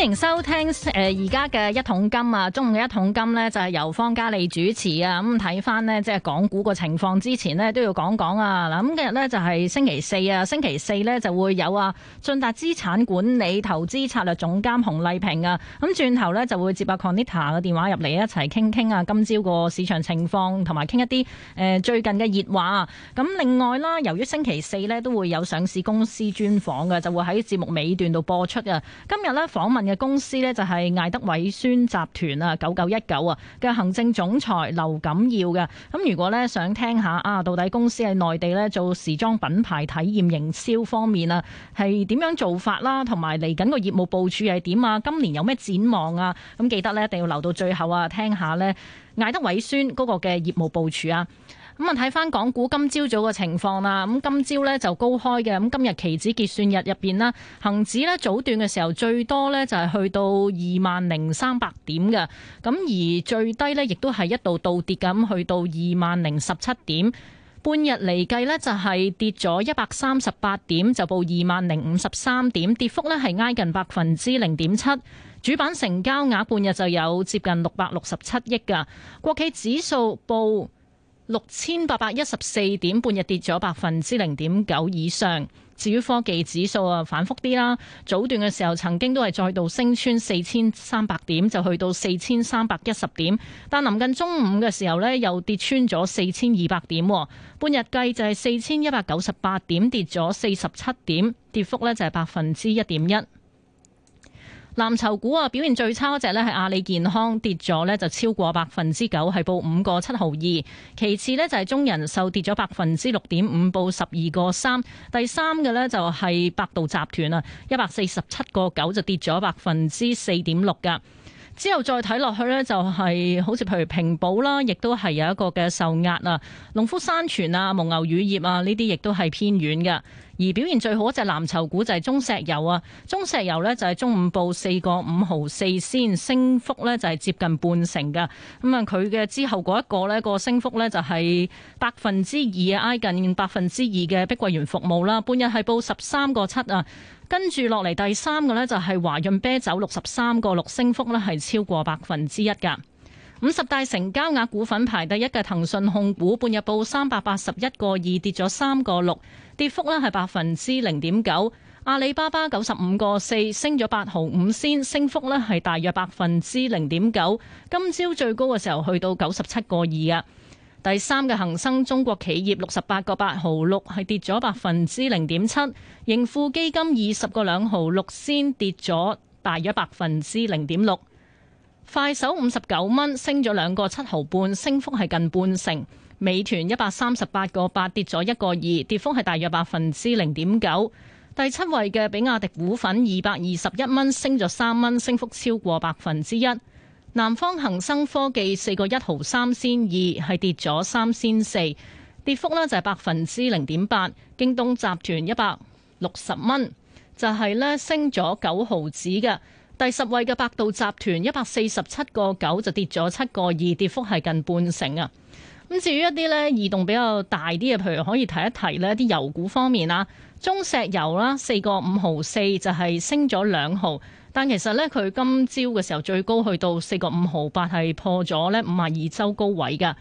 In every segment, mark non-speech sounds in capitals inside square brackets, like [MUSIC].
歡迎收聽誒，而家嘅一桶金啊，中午嘅一桶金呢，就係由方嘉利主持啊。咁睇翻呢，即係港股個情況之前呢，都要講講啊。嗱，咁今日呢，就係星期四啊，星期四呢，就會有啊，駿達資產管理投資策略總監熊麗萍啊。咁轉頭呢，就會接阿 Conita 嘅電話入嚟一齊傾傾啊。今朝個市場情況同埋傾一啲誒最近嘅熱話。咁另外啦，由於星期四呢，都會有上市公司專訪嘅，就會喺節目尾段度播出啊。今日呢，訪問。公司呢就係艾德偉宣集團啊，九九一九啊嘅行政總裁劉錦耀嘅。咁如果呢想聽下啊，到底公司喺內地呢做時裝品牌體驗營銷方面啊，係點樣做法啦？同埋嚟緊個業務部署係點啊？今年有咩展望啊？咁記得呢一定要留到最後啊，聽下呢艾德偉宣嗰個嘅業務部署啊！咁啊！睇翻港股今朝早嘅情況啦。咁今朝咧就高開嘅。咁今日期指結算日入邊啦，恒指咧早段嘅時候最多咧就係去到二萬零三百點嘅。咁而最低咧亦都係一度倒跌咁去到二萬零十七點。半日嚟計咧就係跌咗一百三十八點，就報二萬零五十三點，跌幅咧係挨近百分之零點七。主板成交額半日就有接近六百六十七億噶。國企指數報六千八百一十四點，半日跌咗百分之零點九以上。至於科技指數啊，反覆啲啦。早段嘅時候曾經都係再度升穿四千三百點，就去到四千三百一十點。但臨近中午嘅時候呢，又跌穿咗四千二百點。半日計就係四千一百九十八點，跌咗四十七點，跌幅呢，就係百分之一點一。藍籌股啊，表現最差嗰隻咧係阿里健康，跌咗咧就超過百分之九，係報五個七毫二。其次呢，就係中人壽跌咗百分之六點五，報十二個三。第三嘅呢，就係百度集團啊，一百四十七個九就跌咗百分之四點六噶。之後再睇落去呢、就是，就係好似譬如平保啦，亦都係有一個嘅受壓啊。農夫山泉啊，蒙牛乳業啊，呢啲亦都係偏軟嘅。而表現最好嗰隻藍籌股就係中石油啊。中石油呢，就係中午報四個五毫四仙，升幅呢就係接近半成嘅。咁啊，佢嘅之後嗰一個呢、那個升幅呢，就係百分之二啊，挨近百分之二嘅碧桂園服務啦。半日係報十三個七啊。跟住落嚟，第三個呢，就係華潤啤酒六十三個六，升幅呢，係超過百分之一㗎。五十大成交額股份排第一嘅騰訊控股，半日報三百八十一個二，跌咗三個六，跌幅呢係百分之零點九。阿里巴巴九十五個四，升咗八毫五仙，升幅呢係大約百分之零點九。今朝最高嘅時候去到九十七個二啊。第三嘅恒生中國企業六十八個八毫六，係跌咗百分之零點七。盈富基金二十個兩毫六，先跌咗大約百分之零點六。快手五十九蚊，升咗兩個七毫半，升幅係近半成。美團一百三十八個八，跌咗一個二，跌幅係大約百分之零點九。第七位嘅比亞迪股份二百二十一蚊，升咗三蚊，升幅超過百分之一。南方恒生科技四個一毫三仙二係跌咗三仙四，跌幅呢就係百分之零點八。京東集團一百六十蚊就係呢升咗九毫子嘅。第十位嘅百度集團一百四十七個九就跌咗七個二，跌幅係近半成啊。咁至於一啲呢移動比較大啲嘅，譬如可以提一提呢啲油股方面啊。中石油啦，四個五毫四就係升咗兩毫。但其實咧，佢今朝嘅時候最高去到四個五毫八，係破咗咧五十二周高位嘅。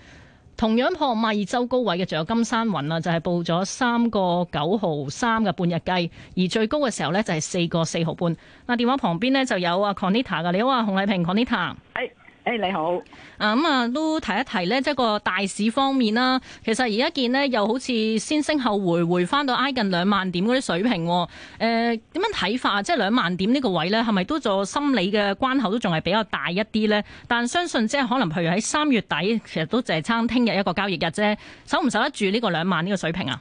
同樣破五十二周高位嘅，仲有金山雲啊，就係報咗三個九毫三嘅半日計，而最高嘅時候咧就係四個四毫半。嗱，電話旁邊呢，就有啊 Conita 噶，你好啊，熊麗萍 Conita。誒，你好。啊，咁啊，都提一提咧，即係個大市方面啦。其實而家見呢又好似先升後回，回翻到挨近兩萬點嗰啲水平。誒、呃，點樣睇法啊？即係兩萬點呢個位咧，係咪都做心理嘅關口都仲係比較大一啲咧？但相信即係可能譬如喺三月底，其實都淨係差聽日一個交易日啫，守唔守得住呢個兩萬呢個水平啊？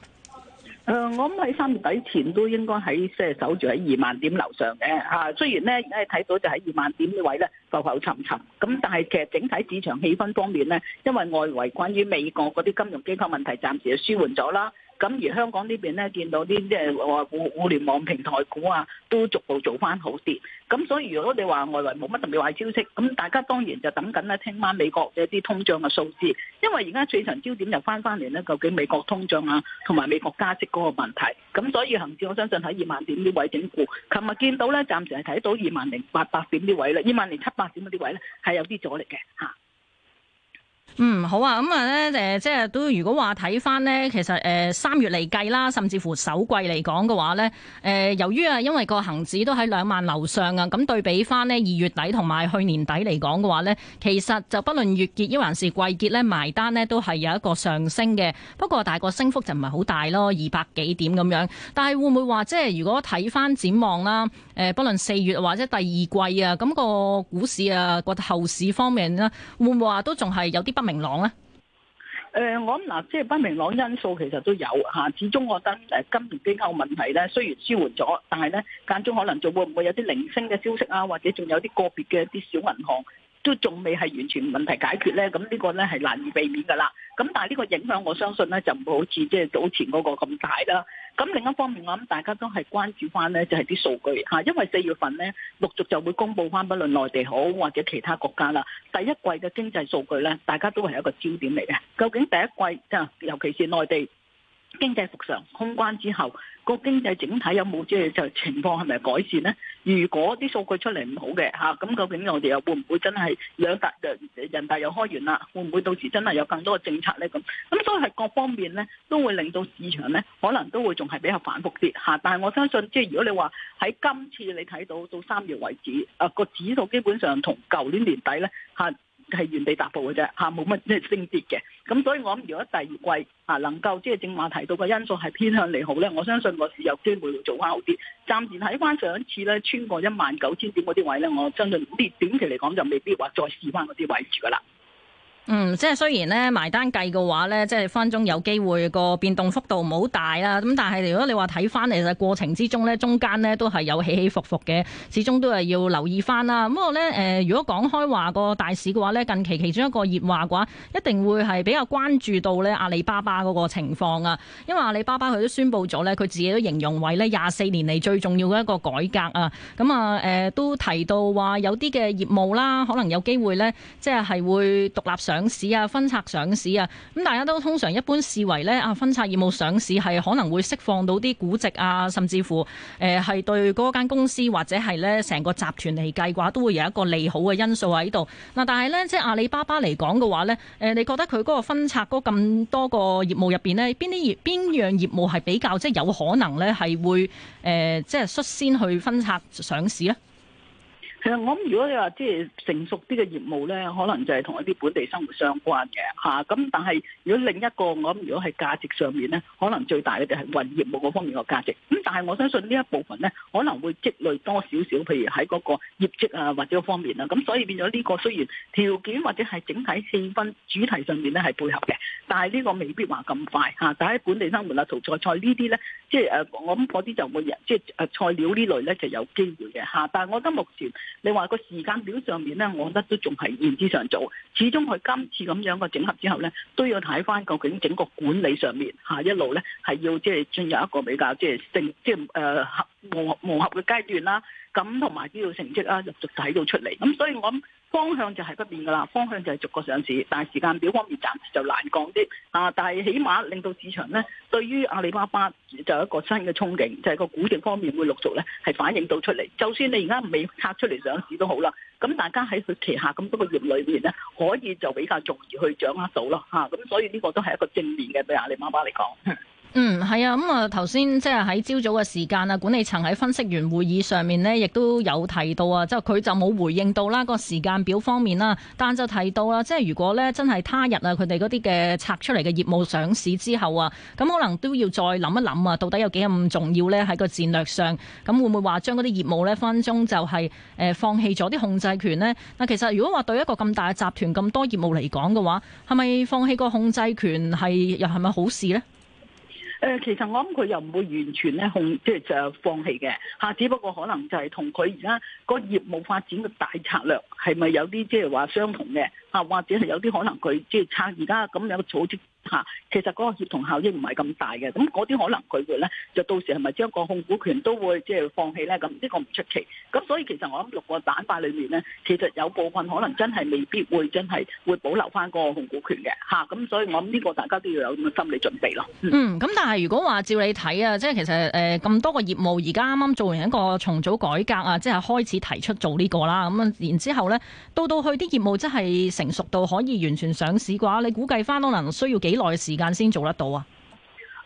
誒，我諗喺三月底前都應該喺即係守住喺二萬點樓上嘅嚇，啊。雖然咧而家睇到就喺二萬點呢位咧浮浮沉沉，咁但係其實整體市場氣氛方面咧，因為外圍關於美國嗰啲金融機構問題暫時就舒緩咗啦。咁而香港呢邊咧，見到啲即係話互互聯網平台股啊，都逐步做翻好啲。咁所以，如果你話外圍冇乜特別壞消息，咁大家當然就等緊啦。聽晚美國嘅啲通脹嘅數字，因為而家最長焦點又翻翻嚟咧，究竟美國通脹啊，同埋美國加息嗰個問題。咁所以，恆指我相信喺二萬點呢位整固。琴日見到咧，暫時係睇到二萬零八百點呢位咧，二萬零七百點嗰啲位咧係有啲阻力嘅嚇。嗯，好啊，咁啊呢誒，即係都如果話睇翻呢，其實誒、呃、三月嚟計啦，甚至乎首季嚟講嘅話呢，誒、呃，由於啊，因為個恒指都喺兩萬樓上啊，咁對比翻呢二月底同埋去年底嚟講嘅話呢，其實就不論月結抑還是季結呢，埋單呢都係有一個上升嘅。不過大個升幅就唔係好大咯，二百幾點咁樣。但係會唔會話即係如果睇翻展望啦，誒、呃，不論四月或者第二季啊，咁、那個股市啊，個後市方面呢，會唔會話都仲係有啲？不明朗咧？誒、呃，我諗嗱，即係不明朗因素，其實都有吓。始終我覺得誒，金融機構問題咧，雖然舒緩咗，但係咧間中可能仲會唔會有啲零星嘅消息啊，或者仲有啲個別嘅一啲小銀行。都仲未係完全問題解決咧，咁呢個咧係難以避免噶啦。咁但係呢個影響，我相信咧就唔會好似即係早前嗰個咁大啦。咁另一方面，我諗大家都係關注翻咧，就係啲數據嚇，因為四月份咧陸續就會公布翻，不論內地好或者其他國家啦，第一季嘅經濟數據咧，大家都係一個焦點嚟嘅。究竟第一季即係尤其是內地經濟復常，空關之後個經濟整體有冇即係就情況係咪改善咧？如果啲數據出嚟唔好嘅嚇，咁究竟我哋又會唔會真係兩大兩人大又開完啦？會唔會到時真係有更多嘅政策呢？咁咁所以係各方面呢，都會令到市場呢，可能都會仲係比較反覆啲嚇。但係我相信，即係如果你話喺今次你睇到到三月為止，啊、呃、個指數基本上同舊年年底呢，係、啊。係原地踏步嘅啫，嚇冇乜即升跌嘅。咁所以我諗，如果第二季嚇、啊、能夠即係、就是、正話提到嘅因素係偏向利好咧，我相信個市有機會做翻好啲。暫時睇翻上一次咧，穿過一萬九千點嗰啲位咧，我相信啲短期嚟講就未必話再試翻嗰啲位置噶啦。嗯，即係雖然咧埋單計嘅話咧，即係分鐘有機會個變動幅度唔好大啦。咁但係如果你話睇翻其實過程之中咧，中間咧都係有起起伏伏嘅，始終都係要留意翻啦。不過咧誒、呃、如果講開話個大市嘅話咧，近期其中一個熱話嘅話一定會係比較關注到咧阿里巴巴嗰個情況啊。因為阿里巴巴佢都宣佈咗咧，佢自己都形容為咧廿四年嚟最重要嘅一個改革啊。咁啊誒、呃、都提到話有啲嘅業務啦，可能有機會咧，即係係會獨立上。上市啊，分拆上市啊，咁大家都通常一般視為咧啊，分拆業務上市係可能會釋放到啲估值啊，甚至乎誒係、呃、對嗰間公司或者係咧成個集團嚟計嘅話，都會有一個利好嘅因素喺度。嗱，但係呢，即係阿里巴巴嚟講嘅話呢誒、呃，你覺得佢嗰個分拆咁多個業務入邊呢邊啲業邊樣業務係比較即係有可能呢係會誒、呃、即係率先去分拆上市呢？其實我諗，如果你話即係成熟啲嘅業務咧，可能就係同一啲本地生活相關嘅，吓、啊、咁。但係如果另一個我諗，如果係價值上面咧，可能最大嘅就係雲業務嗰方面嘅價值。咁但係我相信呢一部分咧，可能會積累多少少，譬如喺嗰個業績啊或者方面啊，咁所以變咗呢個雖然條件或者係整體氣氛主題上面咧係配合嘅，但係呢個未必話咁快吓、啊。但喺本地生活、就是就是、啊、淘菜菜呢啲咧，即係誒，我諗嗰啲就會即係誒菜料類呢類咧就有機會嘅吓、啊。但係我覺得目前。你話個時間表上面咧，我覺得都仲係言之尚早。始終佢今次咁樣個整合之後咧，都要睇返究竟整個管理上面下一路咧，係要即係進入一個比較即係成即係誒合磨磨合嘅階段啦。咁同埋啲到成績啊，陸續睇到出嚟。咁所以我諗方向就係不變㗎喇，方向就係逐個上市，但係時間表方面暫時就難講啲。啊，但係起碼令到市場咧，對於阿里巴巴就有一個新嘅憧憬，就係、是、個股價方面會陸續咧係反映到出嚟。就算你而家未拆出嚟上市都好啦，咁大家喺佢旗下咁多個業裏面咧，可以就比較容易去掌握到咯嚇。咁、啊、所以呢個都係一個正面嘅對阿里巴巴嚟講。嗯，係啊，咁、嗯、啊，頭先即係喺朝早嘅時間啊，管理層喺分析員會議上面呢，亦都有提到啊，即係佢就冇回應到啦，個時間表方面啦，但就提到啦，即係如果呢，真係他日啊，佢哋嗰啲嘅拆出嚟嘅業務上市之後啊，咁可能都要再諗一諗啊，到底有幾咁重要呢？喺個戰略上，咁會唔會話將嗰啲業務呢分分鐘就係誒放棄咗啲控制權呢？嗱，其實如果話對一個咁大嘅集團咁多業務嚟講嘅話，係咪放棄個控制權係又係咪好事呢？誒，其實我諗佢又唔會完全咧控，即係就放棄嘅嚇，只不過可能就係同佢而家個業務發展嘅大策略係咪有啲即係話相同嘅嚇，或者係有啲可能佢即係拆而家咁樣嘅組織。嚇，其實嗰個協同效益唔係咁大嘅，咁嗰啲可能佢會咧，就到時係咪將個控股權都會即係放棄咧？咁呢個唔出奇。咁所以其實我諗六個板塊裡面咧，其實有部分可能真係未必會真係會保留翻個控股權嘅。嚇，咁所以我諗呢個大家都要有咁嘅心理準備咯。嗯，咁、嗯、但係如果話照你睇啊，即係其實誒咁、呃、多個業務而家啱啱做完一個重組改革啊，即係開始提出做、呢個啊嗯、呢個啦。咁然之後咧到到去啲業務真係成熟到可以完全上市嘅話，你估計翻可能需要幾耐時間先做得到、呃、啊！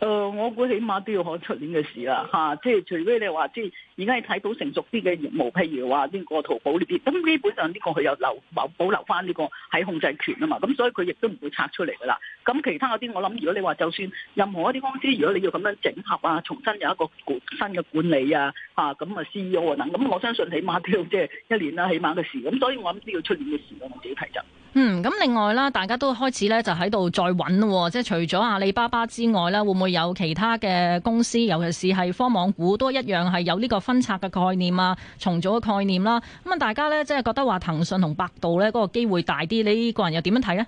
誒，我估起碼都要可出年嘅事啦，吓，即係除非你話即係。而家係睇到成熟啲嘅業務，譬如話呢個淘寶呢啲，咁基本上呢個佢有留保留翻呢個喺控制權啊嘛，咁所以佢亦都唔會拆出嚟噶啦。咁其他嗰啲，我諗如果你話就算任何一啲公司，如果你要咁樣整合啊，重新有一個新嘅管理啊，嚇咁啊 CEO 啊，等，咁我相信起碼都要即係一年啦，起碼嘅事。咁所以我諗都要出年嘅事，我自己提就。嗯，咁另外啦，大家都開始咧就喺度再揾咯，即係除咗阿里巴巴之外咧，會唔會有其他嘅公司，尤其是係科網股都一樣係有呢個？分拆嘅概念啊，重組嘅概念啦，咁啊，大家咧，即係覺得話騰訊同百度咧，嗰個機會大啲，你呢個人又點樣睇咧？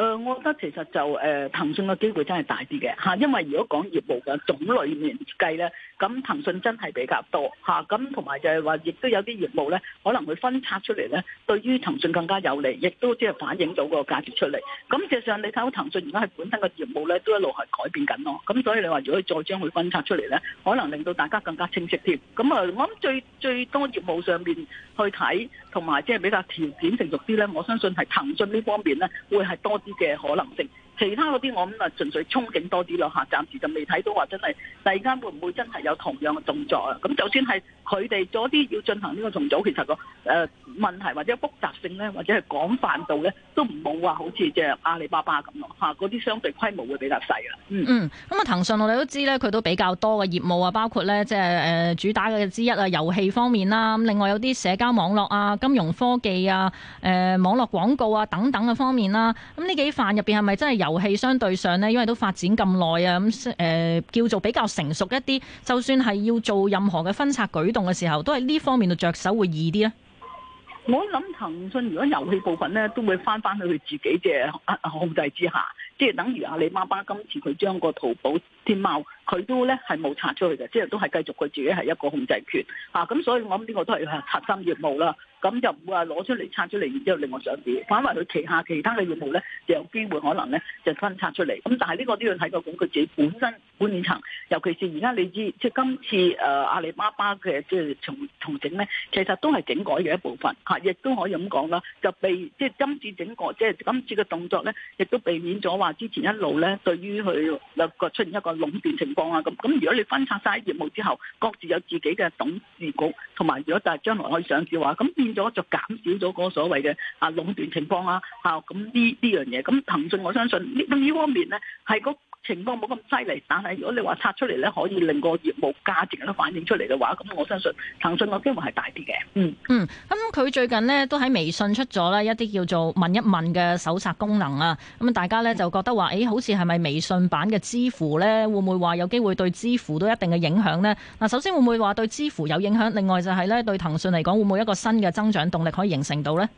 誒，我覺得其實就誒、呃，騰訊嘅機會真係大啲嘅嚇，因為如果講業務嘅種類面計咧，咁騰訊真係比較多嚇，咁同埋就係話，亦都有啲業務咧，可能佢分拆出嚟咧，對於騰訊更加有利，亦都即係反映到個價值出嚟。咁事實上你睇到騰訊而家係本身嘅業務咧，都一路係改變緊咯。咁所以你話如果再將佢分拆出嚟咧，可能令到大家更加清晰添。咁啊、呃，我諗最最多業務上面去睇，同埋即係比較條件成熟啲咧，我相信係騰訊呢方面咧，會係多啲。嘅可能性。其他嗰啲我咁啊，純粹憧憬多啲咯嚇，暫時就未睇到話真係突然間會唔會真係有同樣嘅動作啊？咁就算係佢哋做啲要進行呢個重組，其實個誒問題或者複雜性咧，或者係廣泛度咧，都唔冇話好似即係阿里巴巴咁咯嚇，嗰啲相對規模會比較細啦。嗯嗯，咁、嗯、啊，騰訊我哋都知咧，佢都比較多嘅業務啊，包括咧即係誒主打嘅之一啊，遊戲方面啦，咁另外有啲社交網絡啊、金融科技啊、誒、呃、網絡廣告啊等等嘅方面啦。咁、嗯、呢幾範入邊係咪真係有？遊戲相對上呢，因為都發展咁耐啊，咁、呃、誒叫做比較成熟一啲，就算係要做任何嘅分拆舉動嘅時候，都係呢方面嘅着手會易啲啊。我諗騰訊如果遊戲部分呢，都會翻翻去佢自己嘅控制之下。即係等於阿里巴巴今次佢將個淘寶、天貓，佢都咧係冇拆出去嘅，即係都係繼續佢自己係一個控制權嚇。咁、啊、所以我諗呢個都係核心業務啦。咁就唔會話攞出嚟拆出嚟，然之後另外上市。反為佢旗下其他嘅業務咧，就有機會可能咧就分拆出嚟。咁但係呢個都要睇個股佢自己本身管理層，尤其是而家你知，即係今次誒阿里巴巴嘅即係重重整咧，其實都係整改嘅一部分嚇，亦、啊、都可以咁講啦。就被即係今次整改即係今次嘅動作咧，亦都避免咗話。之前一路咧，對於佢有個出現一個壟斷情況啊，咁咁如果你分拆晒業務之後，各自有自己嘅董事局，同埋如果就係將來可以上市嘅話，咁變咗就減少咗嗰個所謂嘅啊壟斷情況啊。嚇咁呢呢樣嘢，咁騰訊我相信呢呢方面咧係、嗰個情況冇咁犀利，但係如果你話拆出嚟呢，可以令個業務價值都反映出嚟嘅話，咁我相信騰訊嘅機會係大啲嘅。嗯嗯，咁佢最近呢，都喺微信出咗呢一啲叫做問一問嘅搜索功能啊，咁大家呢，就覺得話，誒、欸，好似係咪微信版嘅支付呢，會唔會話有機會對支付都一定嘅影響呢？嗱，首先會唔會話對支付有影響？另外就係呢，對騰訊嚟講，會唔會一個新嘅增長動力可以形成到呢？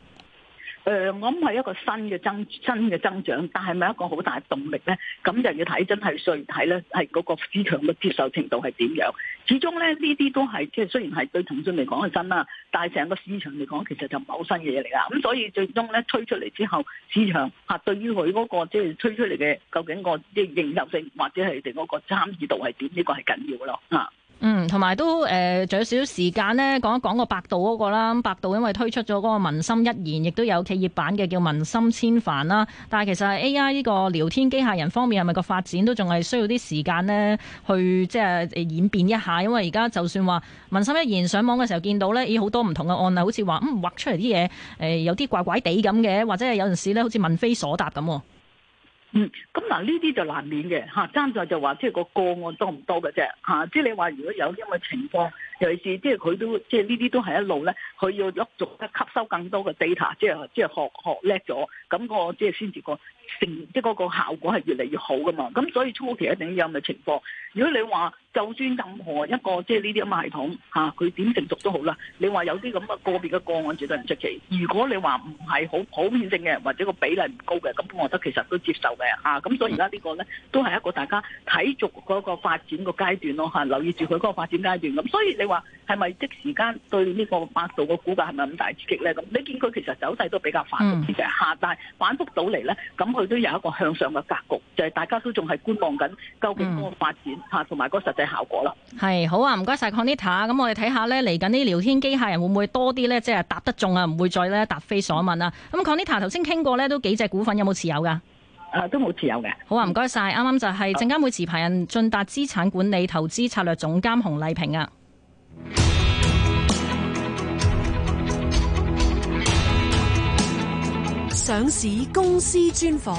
誒、呃，我諗係一個新嘅增，新嘅增長，但係咪一個好大動力咧？咁就要睇真係稅睇咧，係嗰個市場嘅接受程度係點樣？始終咧呢啲都係即係雖然係對騰訊嚟講係新啦，但係成個市場嚟講，其實就唔係好新嘅嘢嚟噶。咁、嗯、所以最終咧推出嚟之後，市場吓、啊、對於佢、那、嗰個即係、就是、推出嚟嘅究竟個即係認受性或者係定嗰個參與度係點？呢、這個係緊要咯啊！嗯，同埋都誒仲有少少時間呢，講一講個百度嗰個啦。百度因為推出咗嗰個文心一言，亦都有企業版嘅叫文心千帆啦。但係其實 A.I. 呢個聊天機械人方面係咪個發展都仲係需要啲時間呢去即係演變一下？因為而家就算話文心一言上網嘅時候見到呢，咦好多唔同嘅案例，好似話嗯畫出嚟啲嘢誒有啲怪怪地咁嘅，或者係有陣時呢好似問非所答咁。嗯，咁嗱呢啲就難免嘅吓，爭在就話即係個個案多唔多嘅啫吓，即係你話如果有因為情況，尤其是即係佢都即係呢啲都係一路咧，佢要陸續得吸收更多嘅 data，即係即係學學叻咗，咁我即係先至個。即嗰個效果係越嚟越好噶嘛，咁所以初期一定有咁嘅情況。如果你話就算任何一個即係呢啲咁嘅系統嚇，佢、啊、點成熟都好啦。你話有啲咁嘅個別嘅個案絕對唔出奇。如果你話唔係好普遍性嘅，或者個比例唔高嘅，咁我覺得其實都接受嘅嚇。咁、啊、所以而家呢個咧都係一個大家睇續嗰個發展個階段咯嚇、啊，留意住佢嗰個發展階段咁、啊。所以你話。係咪即時間對呢個百度嘅股價係咪咁大刺激咧？咁你見佢其實走勢都比較反覆、嗯、其實下，但反覆到嚟咧，咁佢都有一個向上嘅格局，就係、是、大家都仲係觀望緊，究竟嗰個發展嚇同埋嗰個實際效果啦。係、嗯、好啊，唔該晒，Conita。咁我哋睇下咧，嚟緊啲聊天機械人會唔會多啲咧？即、就、係、是、答得中啊，唔會再咧答非所問啊。咁 Conita 頭先傾過咧，都幾隻股份有冇持有噶？誒，都冇持有嘅。好啊，唔該晒。啱啱就係證監會持牌人進達資產管理投資策略總監熊麗萍啊。上市公司專訪，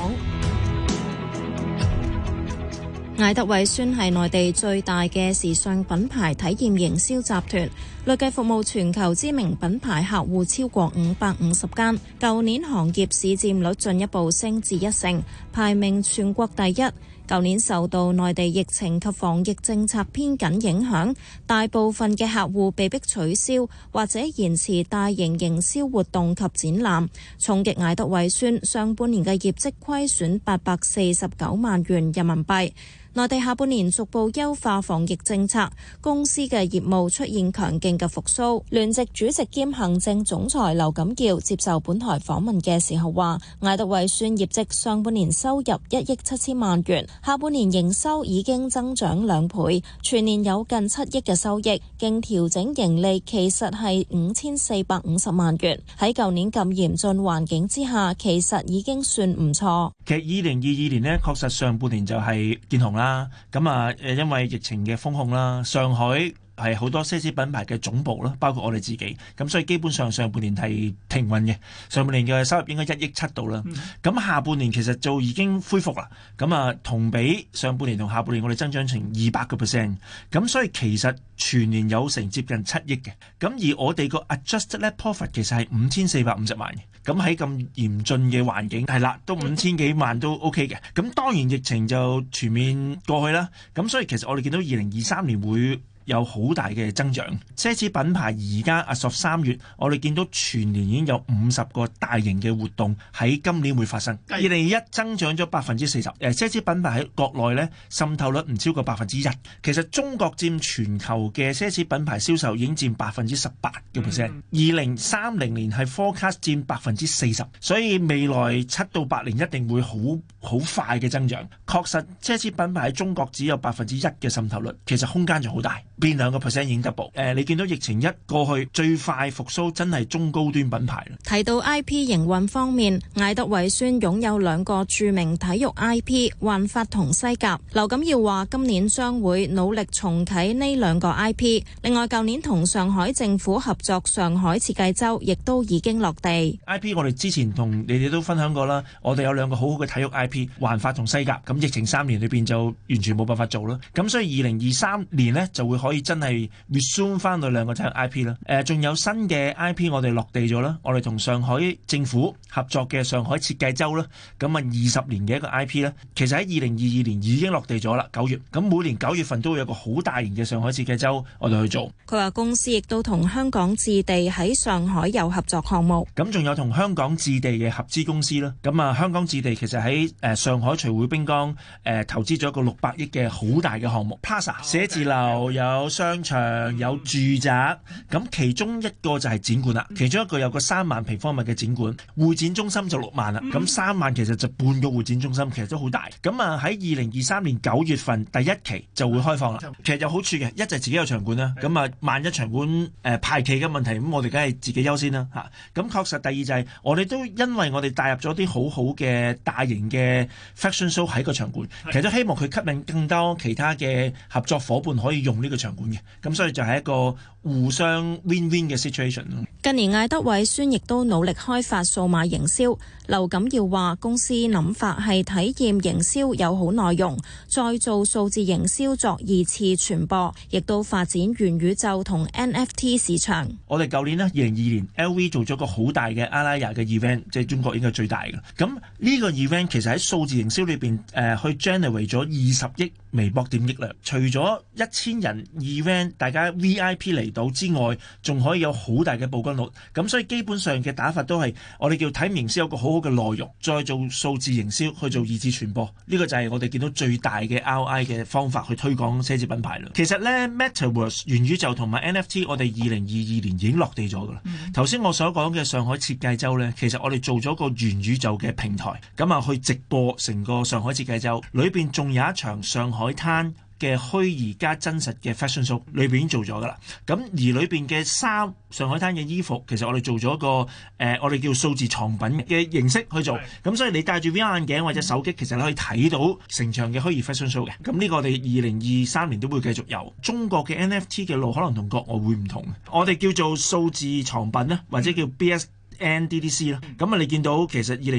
艾德偉宣係內地最大嘅時尚品牌體驗營銷集團，累計服務全球知名品牌客戶超過五百五十間，舊年行業市佔率進一步升至一成，排名全國第一。舊年受到內地疫情及防疫政策偏緊影響，大部分嘅客戶被迫取消或者延遲大型營銷活動及展覽。重極艾德韋宣上半年嘅業績虧損八百四十九萬元人民幣。內地下半年逐步優化防疫政策，公司嘅業務出現強勁嘅復蘇。聯席主席兼行政總裁劉錦耀接受本台訪問嘅時候話，艾德韋宣業績上半年收入一億七千萬元，下半年營收已經增長兩倍，全年有近七億嘅收益，經調整盈利其實係五千四百五十萬元。喺舊年咁嚴峻環境之下，其實已經算唔錯。其實二零二二年呢，確實上半年就係見紅啦。啦，咁啊，誒，因為疫情嘅封控啦，上海。係好多奢侈品牌嘅總部啦，包括我哋自己咁，所以基本上上半年係停運嘅。上半年嘅收入應該一億七度啦。咁、嗯、下半年其實就已經恢復啦。咁啊，同比上半年同下半年我哋增長成二百個 percent。咁所以其實全年有成接近七億嘅。咁而我哋個 adjusted profit 其實係五千四百五十萬嘅。咁喺咁嚴峻嘅環境係啦，都五千幾萬都 OK 嘅。咁當然疫情就全面過去啦。咁所以其實我哋見到二零二三年會。有好大嘅增長，奢侈品牌而家啊，十三月我哋見到全年已經有五十個大型嘅活動喺今年會發生。二零二一增長咗百分之四十，奢侈品牌喺國內呢，滲透率唔超過百分之一。其實中國佔全球嘅奢侈品牌銷售已經佔百分之十八嘅 percent。二零三零年係 forecast 佔百分之四十，所以未來七到八年一定會好好快嘅增長。確實奢侈品牌喺中國只有百分之一嘅滲透率，其實空間就好大。邊兩個 percent 已經 double。誒、呃，你見到疫情一過去，最快復甦真係中高端品牌啦。提到 I P 營運方面，艾德維宣擁有兩個著名體育 I P 環法同西甲。劉錦耀話：今年將會努力重啟呢兩個 I P。另外，舊年同上海政府合作上海設計周，亦都已經落地。I P 我哋之前同你哋都分享過啦，我哋有兩個好好嘅體育 I P 環法同西甲。咁疫情三年裏邊就完全冇辦法做啦。咁所以二零二三年呢就會，可以真係攞翻兩個新 I P 啦。誒仲有新嘅 I P，我哋落地咗啦。我哋同上海政府合作嘅上海設計周啦，咁啊二十年嘅一個 I P 咧，其實喺二零二二年已經落地咗啦。九月，咁每年九月份都會有個好大型嘅上海設計周，我哋去做。佢話公司亦都同香港置地喺上海有合作項目。咁仲有同香港置地嘅合資公司啦。咁啊，香港置地其實喺誒上海徐匯濱江誒投資咗一個六百億嘅好大嘅項目。Plus、oh, s 寫字樓有。Yeah. 有商場有住宅，咁其中一個就係展館啦。其中一個有個三萬平方米嘅展館，會展中心就六萬啦。咁三萬其實就半個會展中心，其實都好大。咁啊喺二零二三年九月份第一期就會開放啦。其實有好處嘅，一就係自己有場館啦。咁啊，萬一場館誒排期嘅問題，咁我哋梗係自己優先啦吓。咁確實第二就係、是、我哋都因為我哋帶入咗啲好好嘅大型嘅 fashion show 喺個場館，其實都希望佢吸引更多其他嘅合作夥伴可以用呢個。場館嘅，咁，所以就係一個.。 [NOISE] 互相 win win 嘅 situation 咯。近年艾德偉宣亦都努力開發數碼營銷，劉錦耀話公司諗法係體驗營銷有好內容，再做數字營銷作二次傳播，亦都發展元宇宙同 NFT 市場。我哋舊年咧，二零二年 LV 做咗個好大嘅阿拉亞嘅 event，即係中國應該最大嘅。咁呢個 event 其實喺數字營銷裏邊誒、呃，去 generate 咗二十億微博點擊量。除咗一千人 event，大家 VIP 嚟。到之外，仲可以有好大嘅曝光率，咁所以基本上嘅打法都係我哋叫睇營銷，有個好好嘅內容，再做數字營銷去做二次傳播，呢、這個就係我哋見到最大嘅 L I 嘅方法去推廣奢侈品牌啦。其實呢 Metaverse 元宇宙同埋 N F T，我哋二零二二年已經落地咗噶啦。頭先、嗯、我所講嘅上海設計周呢，其實我哋做咗個元宇宙嘅平台，咁、嗯、啊去直播成個上海設計周，裏邊仲有一場上海灘。嘅虛擬加真實嘅 fashion show 裏邊，已經做咗噶啦，咁而裏邊嘅衫，上海灘嘅衣服，其實我哋做咗一個誒、呃，我哋叫數字藏品嘅形式去做。咁對所以你戴住 VR 眼鏡或者手機，其實你可以睇到成場嘅虛擬 fashion show 嘅。咁呢個我哋二零二三年都會繼續有。中國嘅 NFT 嘅路可能同國外會唔同，我哋叫做數字藏品咧，或者叫 BS、嗯。NDDC 啦，咁啊你見到其實二零二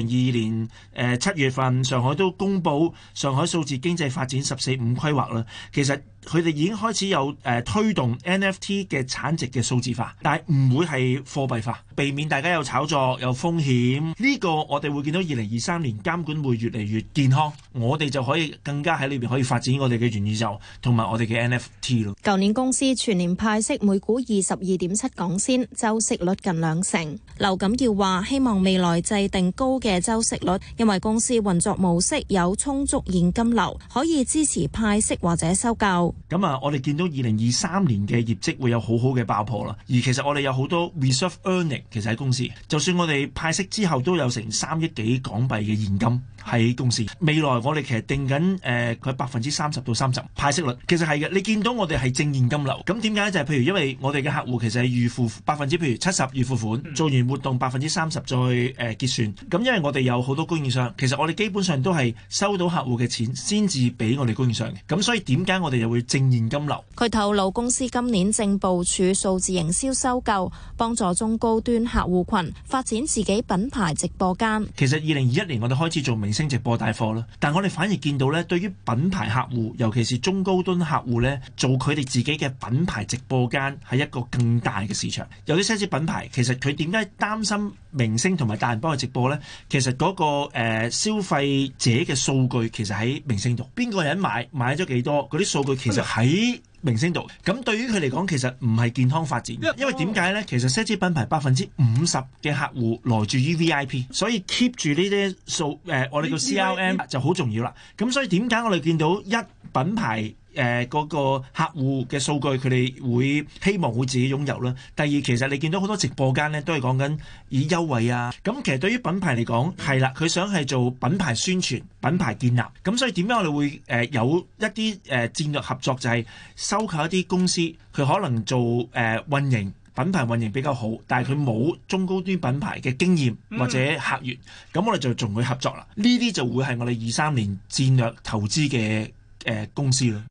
二年誒七、呃、月份，上海都公布上海數字經濟發展十四五規劃啦，其實。佢哋已經開始有誒推動 NFT 嘅產值嘅數字化，但係唔會係貨幣化，避免大家有炒作有風險。呢個我哋會見到二零二三年監管會越嚟越健康，我哋就可以更加喺裏邊可以發展我哋嘅元宇宙同埋我哋嘅 NFT 咯。舊年公司全年派息每股二十二點七港仙，周息率近兩成。劉錦耀話：希望未來制定高嘅周息率，因為公司運作模式有充足現金流，可以支持派息或者收購。咁啊，我哋見到二零二三年嘅業績會有好好嘅爆破啦。而其實我哋有好多 reserve earning，其實喺公司，就算我哋派息之後都有成三億幾港幣嘅現金喺公司。未來我哋其實定緊誒，佢百分之三十到三十派息率，其實係嘅。你見到我哋係正現金流，咁點解？就係譬如因為我哋嘅客戶其實係預付百分之譬如七十預付款，做完活動百分之三十再誒、呃、結算。咁因為我哋有好多供應商，其實我哋基本上都係收到客戶嘅錢先至俾我哋供應商嘅。咁所以點解我哋就會正現金流，佢透露公司今年正部署數字營銷收購，幫助中高端客戶群發展自己品牌直播間。其實二零二一年我哋開始做明星直播帶貨啦，但我哋反而見到咧，對於品牌客戶，尤其是中高端客戶咧，做佢哋自己嘅品牌直播間係一個更大嘅市場。有啲奢侈品牌其實佢點解擔心？明星同埋大人幫佢直播呢，其實嗰、那個、呃、消費者嘅數據其實喺明星度，邊個人買買咗幾多，嗰啲數據其實喺明星度。咁對於佢嚟講，其實唔係健康發展。因為點解呢？其實奢侈品牌百分之五十嘅客戶來自於 V I P，所以 keep 住呢啲數誒、呃，我哋叫 CRM 就好重要啦。咁所以點解我哋見到一品牌？誒，嗰、呃、個客戶嘅數據，佢哋會希望會自己擁有啦。第二，其實你見到好多直播間呢，都係講緊以優惠啊。咁其實對於品牌嚟講，係啦，佢想係做品牌宣傳、品牌建立。咁所以點解我哋會誒有一啲誒戰略合作，就係、是、收購一啲公司，佢可能做誒、呃、運營、品牌運營比較好，但係佢冇中高端品牌嘅經驗或者客源。咁、嗯、我哋就同佢合作啦。呢啲就會係我哋二三年戰略投資嘅誒、呃、公司咯。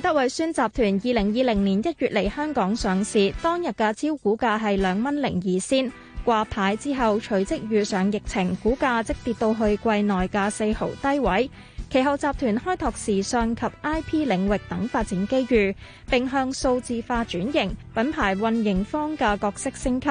德惠宣集團二零二零年一月嚟香港上市，當日嘅招股價係兩蚊零二仙，掛牌之後隨即遇上疫情，股價即跌到去季內嘅四毫低位。其後集團開拓時尚及 IP 領域等發展機遇，並向數字化轉型、品牌運營方嘅角色升級。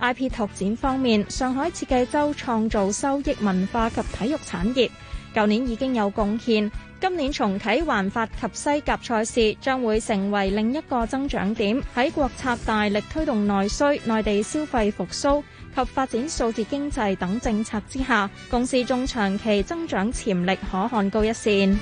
IP 拓展方面，上海設計周創造收益文化及體育產業，舊年已經有貢獻，今年重啟環法及西甲賽事，將會成為另一個增長點，喺國策大力推動內需、內地消費復蘇及發展數字經濟等政策之下，公司中長期增長潛力可看高一線。